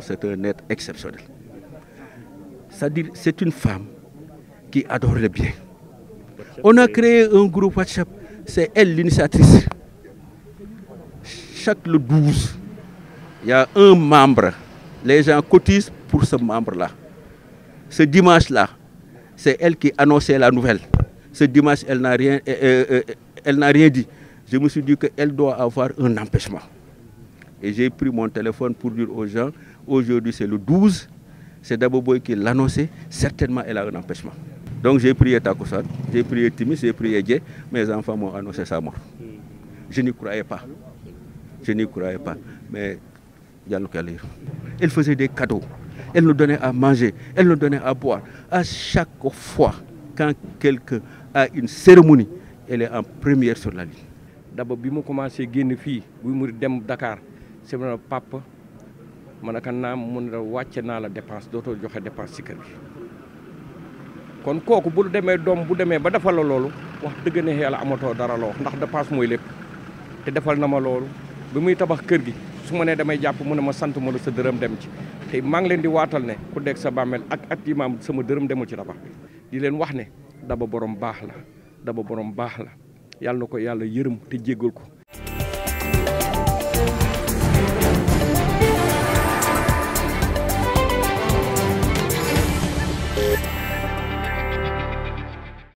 C'est un être exceptionnel. C'est-à-dire, c'est une femme qui adore le bien. On a créé un groupe WhatsApp, c'est elle l'initiatrice. Chaque le 12, il y a un membre. Les gens cotisent pour ce membre-là. Ce dimanche-là, c'est elle qui annonçait la nouvelle. Ce dimanche, elle n'a rien, euh, euh, euh, elle n'a rien dit. Je me suis dit qu'elle doit avoir un empêchement. Et j'ai pris mon téléphone pour dire aux gens, aujourd'hui c'est le 12, c'est Boy qui l'annonçait, certainement elle a un empêchement. Donc j'ai prié Takosan, j'ai prié Timis, j'ai prié Dieu, mes enfants m'ont annoncé sa mort. Je n'y croyais pas. Je n'y croyais pas. Mais elle faisait des cadeaux. Elle nous donnait à manger, elle nous donnait à boire. À chaque fois, quand quelqu'un a une cérémonie, elle est en première sur la ligne. D'abord, quand commencé à Dakar, mu ne la papa ma ne ko naam mu ne la naa la dépense dootoo joxe dépense si kër gi kon kooku bu demee doom bu demee ba defal la loolu wax dëgg ne yàlla amatoo dara loo ndax dépense mooy lépp te defal na ma loolu bi muy tabax kër gi su ma nee damay jàpp mu ne ma sant ma la sa dërëm dem ci te maa ngi leen di waatal ne ku dégg sa bàmmeel ak at yi maam sama dërëm demul ci tabax bi di leen wax ne daba borom baax la daba borom baax la yàlla na ko yàlla yërëm te jéggal ko